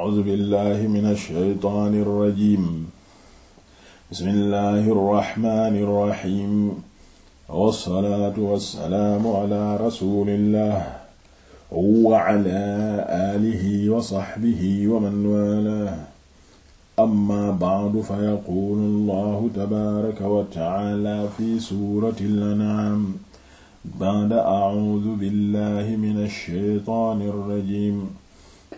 A'uuzu billaahi mina shaytaani rajiim bismillaahi rahmaani rahiim wassalaatu wassalaamu alaa rasuulillaah wa alaa aalihi wa sahbihi wa man waalaah ammaa ba'du fa yaquulu Allaahu tabaaraka wa ta'aalaa fi suuratil an'aam ba'da a'uuzu billaahi mina shaytaani rajiim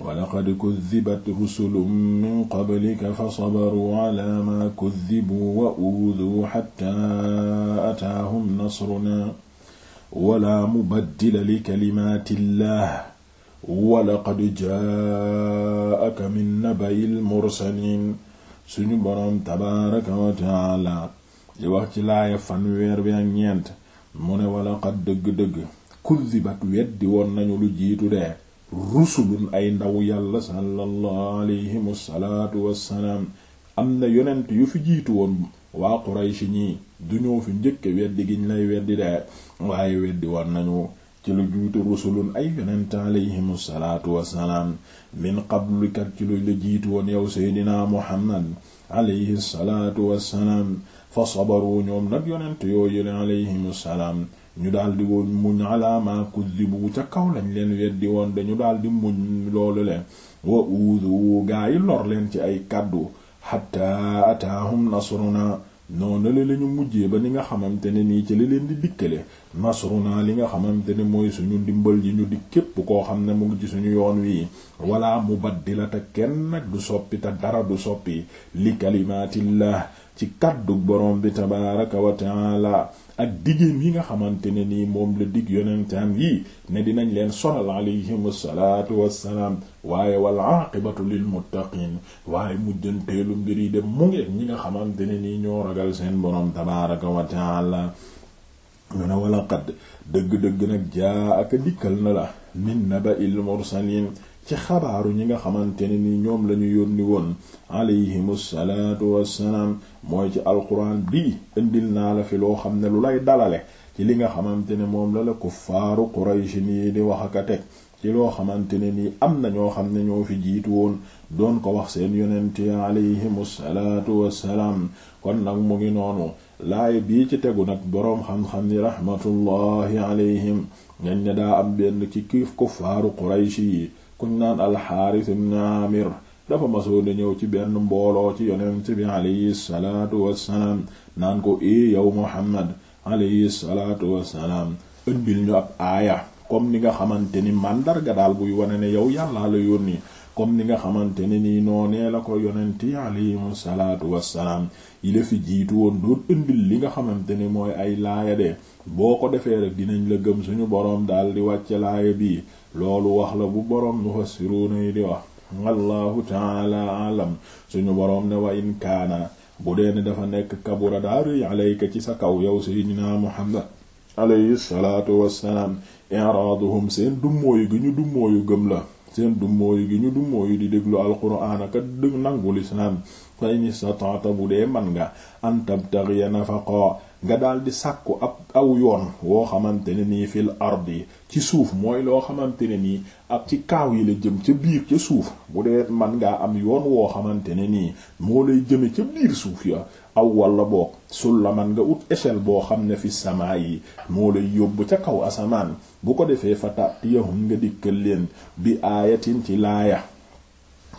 walaqad kuddibat rusulun min qablika fa sabaruu ala maa kuddibuu wa uuduu xatta ataahum nasrunaa wala mubaddila li kalimaatillaah walaqad jaa'aka min naba'il mursaliin suñu boroom tabaaraka wa taala di wax ci laaya fanweer bi ak ñeent mu ne walaqad dëgg-dëgg kuddibat weddi woon nañu lu jiitu de rusulun ay ndaw yàlla sallallahu alayhim wassalaatu wassalaam am na yonent yu fi jiitu woon waa Quraysh ñii du ñoo fi njëkk weddi giñ lay weddi de waaye weddi war nañu ci lu jiitu rusulun ay yonent alayhim wassalaatu wassalaam min qablikat ci lu jiitu woon yow seydinaa Muhammad alayhi salaatu wassalaam fa sabaru ñoom nag yonent yooyu alayhim wassalaam ñu daldi woon muñ alaama kuddibu ca kaw lañ leen weddi woon dañu daldi muñ loolu leen wa uudu gaa yi lor leen ci ay kàddu hatta ataahum nasruna noonu la lañu mujjee ba ni nga xamante ne nii ci la leen di dikkale naa li nga xamante ne mooy suñu ndimbal ji ñu di képp koo xam ne mu ngi ci yoon wi wala mubaddila te kenn nag du soppi te dara du soppi li kalimaatillah ci kàddu borom bi tabaaraka wa taala ak digéem yi nga xamante ne nii moom la digg yonentam yi ne dinañ leen sonal alayhim wa wassalaam waaye wal aqibatu lil muttaqin waaye mujjanteelu mbir yi de mu ngi ñi nga xamante ne nii ñoo ragal seen boroom tabaaraka wa taala ñu ne wala qad dëgg-dëgg nag jaa ak dikkal na la min naba'il mursalin ci xabaaru ñi nga xamante ne ni ñoom lañu yónni woon alayhimu salaatu wassalaam mooy ci alquran bii indil naa la fi loo xam ne lu lay dalale ci li nga xamante ne moom la la kuffaaru Quraysh nii di wax ak a teg ci loo xamante ne nii am na ñoo xam ne ñoo fi jiitu woon doon ko wax seen yonent alayhimu salaatu wassalaam kon nag mu noonu laay bii ci tegu nag boroom xam ni rahmatullahi alayhim ngañ ne daa am benn ci kiif kuffaaru Quraysh yi kuñ naan alxaaris ibn amir dafa masoon a ñëw ci benn mbooloo ci yonent bi alayhi salaatu wassalaam naan ko e yow muhammad alayhi salaatu wassalaam ëndil ñu ab aaya comme ni nga xamante ni màndarga daal buy wane ne yow yàllaa la yónni comme ni nga xamante ne nii noonee la ko yonent yi alayhimu salaatu wassalaam yi la fi jiitu woon doon indil li nga xamante ni mooy ay laaya de boo ko defee rek dinañ la gëm suñu boroom daal di wàcce laaya bii loolu wax la bu boroom mufassiruuna yi di wax allahu taala alam suñu boroom ne wa in kaana bu dee ne dafa nekk kabura daaruy alayka ci sa kaw yow seydinaa muhammad alayhi salaatu wassalaam iraaduhum seen dummóoyu gi ñu dummóoyu gëm la seen dummóoyu gi ñu dummóoyu di déglu alquraan aka dëgg nangu lislaam fa in istataata bu dee man nga an tabtaxiya nafaqa nga daal di sàkku ak aw yoon woo xamante ne nii fil ardi ci suuf mooy loo xamante ne nii ab ci kaaw yi la jëm ca biir ca suuf bu dee man ngaa am yoon woo xamante ne nii moo lay jëme ca biir suuf ya aw walla boog man nga ut échelle boo xam ne fi samaa yi moo lay yóbbu ca kaw asamaan bu ko defee fa tàttiyahum nga dikkal leen bi aayatin ci laaya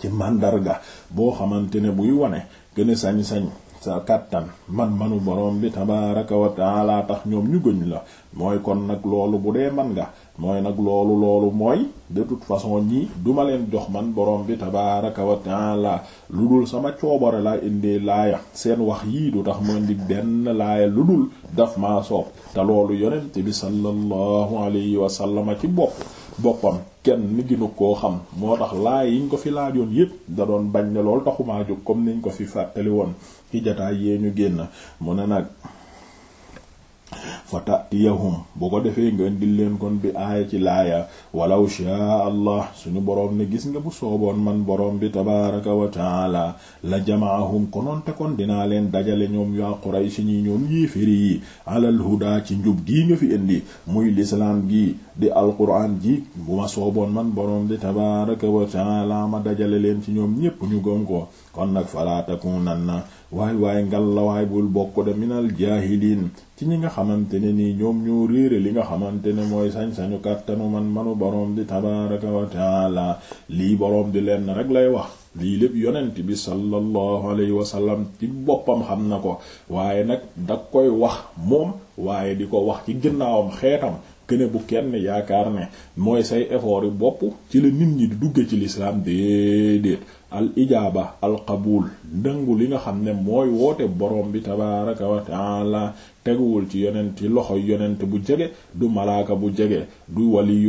ci màndarga boo xamante ne buy wane gën a sañ-sañ sa kàttan man manu borom bi tabaaraka wa taala tax ñoom ñu gëñ la mooy kon nag loolu bu dee man nga mooy nag loolu loolu mooy de toute façon ñii duma leen jox man borom bi tabaaraka wa taala lu dul sama coobare laa indee laaya seen wax yii du tax ma indi benn laaya lu dul daf maa soob te loolu yonent bi sallallahu alayhi wa sallam ci bopp boppam kenn ni ginu koo xam moo tax laay yiñ ko fi laajoon yépp da doon bañ ne lool taxumaa jóg comme niñ ko fi fàttali woon ci jataay yee ñu génn mu ne nag fa tatiyahum boo ko defee nga indil leen kon bi aaya ci laaya walaw shaa allah suñu boroom ne gis nga bu sooboon man boroom bi tabaraka wa taala la jamaahum konoon te kon dinaa leen dajale ñoom yaa Quraysh ñi ñoom yéeféri yi alal huda ci njub gii nga fi indi muy lislaam gi di alquran ji bu ma sooboon man boroom bi tabaraka wa ma dajale leen ci ñoom ñépp ñu gëm ko kon nag falaa takunan na waay waaye ngal la waay bul bokk de minal jaahiliin ci ñi nga xamante ne nii ñoom ñoo réere li nga xamante ne mooy sañ-sañu kàttanu man manu boroom di tabaaraka wa taala lii boroom di leen rek lay wax lii lépp yonent bi sallallahu alayhi wa sallam ci boppam xam na ko waaye nag da koy wax moom waaye di ko wax ci ginnaawam xeetam këne bu kenn yaakaar ne mooy say effort bopp ci la nit ñi di dugge ci lislaam déedéet al ijaaba al qabuul ndëngu li nga xam ne mooy woote borom bi tabaaraka wa taala teguwul ci yonent ci loxoy yonent bu jege du malaaka bu jege du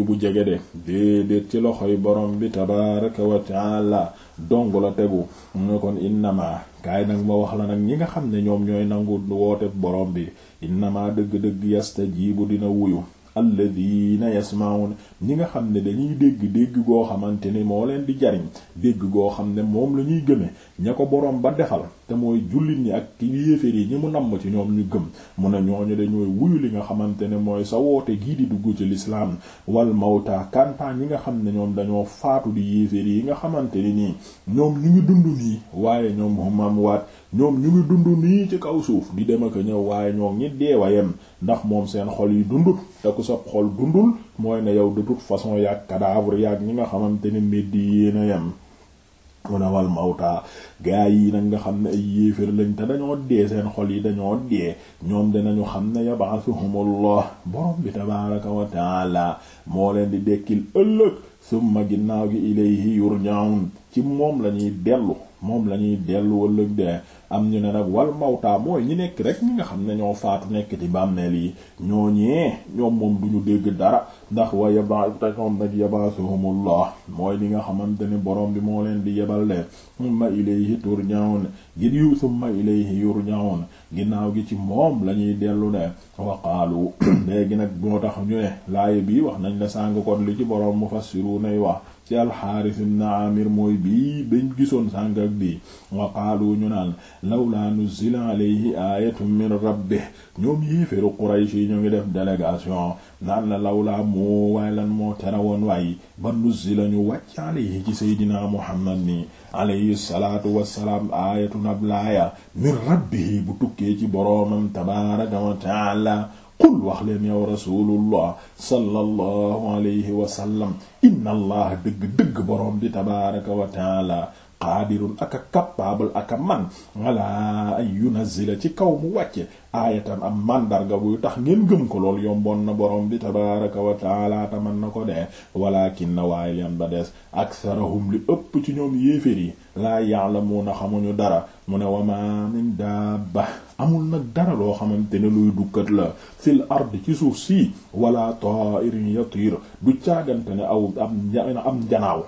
bu jege de déedéet ci borom bi tabaaraka wa taala dong la tegu mu ne kon innama kaay nag ma wax la nag ñi nga xam ne ñoom ñooy nangu woote borom bi innama dëgg-dëgg yastajiibu dina wuyu alladina yasmauna ñi nga xam ne dañuy dégg dégg goo xamante ni moo leen di jariñ dégg goo xam ne moom la ñuy gëme ña ko boroom ba defal te mooy jullit ñi ak yéeféer yi ñi mu namm ci ñoom ñu gëm mu ne ñooñu dañooy wuyu li nga xamante ne mooy sa woote gii di dugg ci l'islam wal mawta kantaan yi nga xam ne ñoom dañoo faatu di yéeféer yi nga xamante ni nii ñoom ñu ngi dund nii waaye ñoom humam ñoom ñu ngi dund nii ci kaw suuf di dem ak ñëw waaye ñoo ñi deewa yem ndax moom seen xol yi dund te ku sa xol dundul mooy na yow de toute façon yaag cadavre yaag ñi nga xamante ne meddi yéen a yem mun a wal mawtaa gaa yi nag nga xam ne ay yéefér lañ te dañoo dee seen xol yi dañoo dee ñoom dinañu xam ne yab'athuhumullah borom bi tabaaraka wa taala moo leen di dekkil ëllëg summa ginnaaw gi ilayhi yurja'un ci moom lañuy dellu moom la ñuy dellu wala dee am ñu ne nag wal mawtaa mooy ñi nekk rek ñi nga xam ne ñoo faatu nekk ci bàmmeel yi ñoo ñee ñoom moom duñu dégg dara ndax wa yaba tañoom nag yabaasuhumullah mooy li nga xamante ni borom bi moo leen di yebal leen summa ilayhi turja'un gid yu summa ilayhi yurja'un ginnaaw gi ci moom la ñuy dellu ne waqaalu léegi nag moo tax ñu ne laay bi wax nañ la sàng kon li ci borom mufassiru nay wax ci alxaaris amir mooy bii bañ gisoon sànk ak bii wa qaalu ñu naan lawla nuzila alayhi min rabbih ñoom yéeféru quraysh yi ñu ngi def délégation naan la lawla moo waaye lan moo tere woon waaye ba nuzila ñu wàcc alayhi ci seydina muhammad ni alayhi salaatu wassalaam ayatun ab laaya min rabbihi bu tukkee ci boroomam tabaaraka wa qul wax leen yow rasulullah sallallahu alayhi wa inna allah dëgg-dëgg boroom bi tabaraka wa taala qaadirun ak a man ala an yunazila ci kaw mu wàcce aayatan am màndarga buy tax ngeen gëm ko lool yomboon na borom bi tabaraka wa taala na ko dee walakin na waaye leen ba des aktharahum li ëpp ci ñoom yéefér yi laa ya'lamuna xamuñu dara mu ne wa min dabba amul nag dara loo xamante ne luy dukkat la fil ard ci suuf si wala ta'irin yatir du càggante ni aw am am janaaw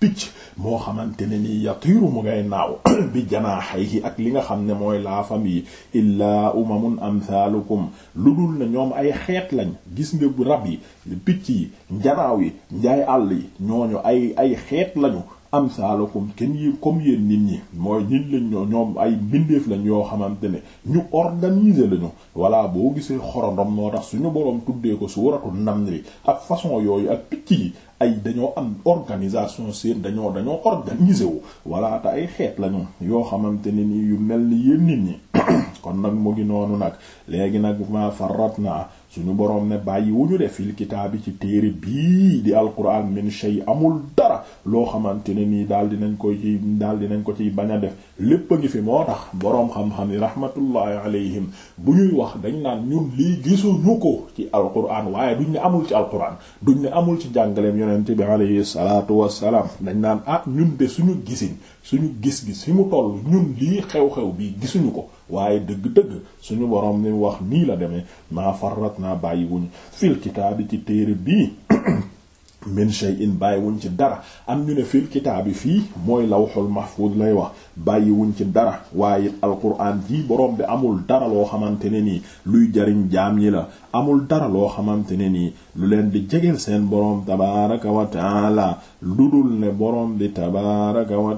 picc moo xamante ne nii yatiiru mu ngay naaw bi janaaxayhi ak li nga xam ne mooy laafam yi illaa umamun amthaalukum lu dul ne ñoom ay xeet lañ gis nga rab yi picc yi njanaaw yi njaay àll yi ñooñu ay ay xeet lañu am saalakum kenn yi comme yéen nit ñi mooy nit lañ ñoom ay mbindeef lañ yoo xamante ne ñu organiser lañu voilà boo gisee xorondom noo tax suñu boroom tuddee ko suuratul namli ak façon yooyu ak picc yi ay dañoo am organisation seen dañoo dañoo organiser wu voilà te ay xeet lañu yoo xamante ne ni yu mel ni yéen nit ñi kon nag mu ngi noonu nag léegi nag ma farat naa suñu boroom ne bàyyi wu ñu def fil kitaabi ci téere bii di alquran min shay amul dara loo xamante ne nii daal dinañ ko ci daal dinañ ko ci bañ a def lépp a ngi fi moo tax boroom xam-xam yi rahmatullahi alayhim bu ñuy wax dañ naan ñun lii gisuñu ko ci alquran waaye duñ ne amul ci alquran duñ ne amul ci jàngaleem yonent bi alayhi salaatu wassalaam dañ naan ah ñun de suñu gisiñ suñu gis-gis si mu toll ñun lii xew-xew bi gisuñu ko waaye dëgg-dëgg suñu borom ni wax nii la demee maa farrat naa bàyyiwuñ fil kitaabi ci téere bii min shay'in bàyyiwuñ ci dara am ñu ne fil kitaabi fii mooy lawhul mahfuz lay wax bàyyiwuñ ci dara waaye alquran ji borom bi amul dara loo xamante ne nii luy jariñ jaam ñi la amul dara loo xamante ne nii lu leen di jegeel seen borom tabaaraka wa taala lu dul ne borom bi tabaaraka wa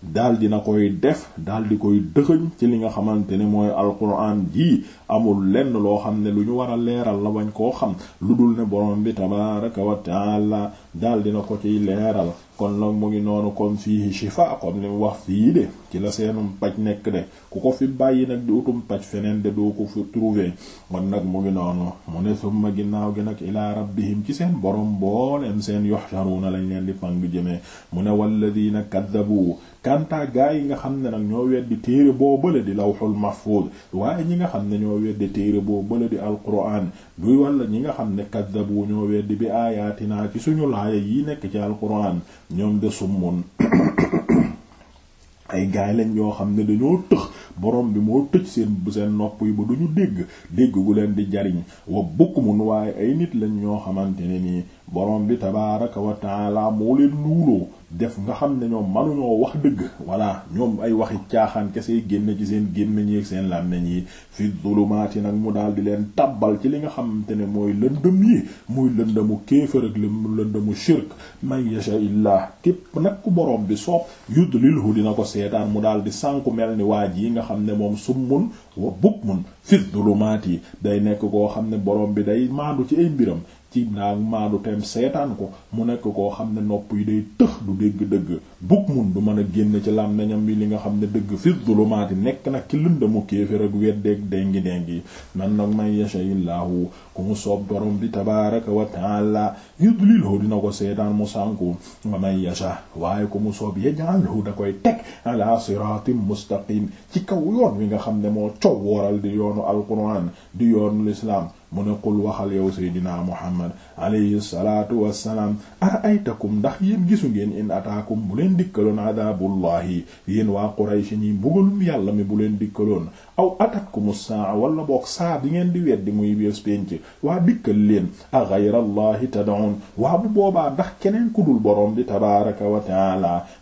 daal na koy def daal di koy dëxëñ ci li nga xamante ni mooy alquran ji amul lenn loo xam ne lu ñu war a leeral la wañ koo xam lu dul ne borom bi tabaraka wa taala daal dina ko ciy leeral kon nag mu ngi noonu comme fii shifa comme li mu wax fii de ci la seenum paj nekk de ku ko fi bàyyi nag di utum paj feneen de doo ko fi trouver wan nag mu ngi noonu mu ne summa ginnaaw gi nag ilaa rabbihim ci seen borom booleem seen yuhsharuna lañ leen di pang jëmee mu ne walladina kaddabu kanta gaa yi nga xam ne nag ñoo weddi téere boo bële di lawhul mahfuz waaye ñi nga xam ne ñoo weddi téere boo bële di alquran du walla ñi nga xam ne kaddabu ñoo weddi bi aayaatinaa ci suñu laaya yi nekk ci alquran ñoom de summun ay gaay lañ yoo xam ne dañoo tëx borom bi moo tëj seen seen nopp yi ba duñu dégg dégg gu leen di jariñ wa mun waaye ay nit lañ ñoo xamante ne nii borom bi tabaaraka wa taala moo leen luuloo def nga xam ne ñoom manuñoo wax dëgg voilà ñoom ay waxi caaxaan kese génn ci seen gémmiñ yi ak seen làmmiñ yi fi dulumaati nag mu daal di leen tabbal ci li nga xamante ne mooy lëndëm yi muy lëndëmu kéefër ak lëndëmu shirk man yasha illah képp nag ku borom bi soob yudlilhu dina ko seetaan mu daal di sànku mel ni waaj yi nga xam ne moom summun wa bukmun fi dulumaati day nekk koo xam ne borom bi day maandu ci ay mbiram ci naag maadu tem seetaan ko mu nekk koo xam ne nopp yi day tëx du dégg dëgg bug mun du mën a génn ci làmmiñam bi li nga xam ne dëgg fil fi dulumaati nekk nag ci lëndëmu kéefër ak weddeeg dengi dengi nan nag may yasha illaahu ku mu soob dorom bi tabaaraka wa taala dina ko seetaan mu sànku wa may yasha waaye ku mu soob yaj'alhu da koy teg ala siraatim ci kaw yoon wi nga xam ne moo cow waral di yoonu alquran di yoonu lislaam mu ne qul waxal yow seydinaa muhammad alayhi salaatu wassalaam ara'aytakum ndax yéen gisu ngeen in ataakum bu leen dikkaloon adaabullahi yéen waa quraysh ñi mbugalum yàlla mi bu leen dikkaloon aw atatkum as-saa wala boog saa bi ngeen di weddi muy bés penc waa dikkal leen a ghayra allahi tad'un waa bu boobaa ndax keneen ku dul boroom bi tabaraka wa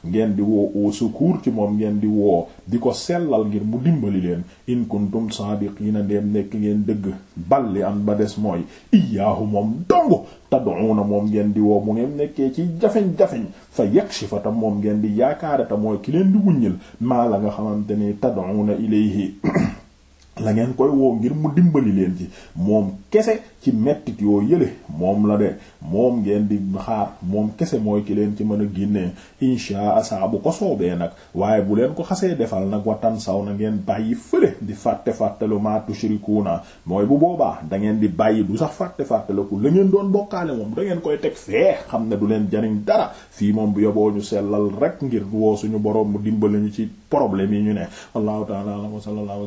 ngeen di woo au secours ci moom ngeen di woo di ko sellal ngir mu dimbali leen in kuntum saadiqiina ndeem nekk ngeen dëgg balli man ba des mooy iyaahu moom dong tad'una moom ngeen di woo mu ngeen nekkee ci jafeñ-jafeñ fa yakshifa ta moom ngeen di yaakaarata mooy ki leen di wuññil maa la nga xamante ni tad'una ilayhi la ngeen koy woo ngir mu dimbali leen ci moom kese ci mettit yoo yële moom la de moom ngeen di xaar moom kese mooy ki leen ci mën a génnee insha saa bu ko soobee nag waaye bu leen ko xasee defal nag watan saw na ngeen bàyyi fële di fàtte fàttalu ma tushrikuuna mooy bu boobaa da ngeen di bàyyi du sax fàtte ko la ngeen doon bokkaale moom da ngeen koy teg fee xam ne du leen jariñ dara fii moom bu yoboo ñu sellal rek ngir woo suñu boroom mu dimbali ñu ci problème yi ñu ne wallahu ta'ala wa sallallahu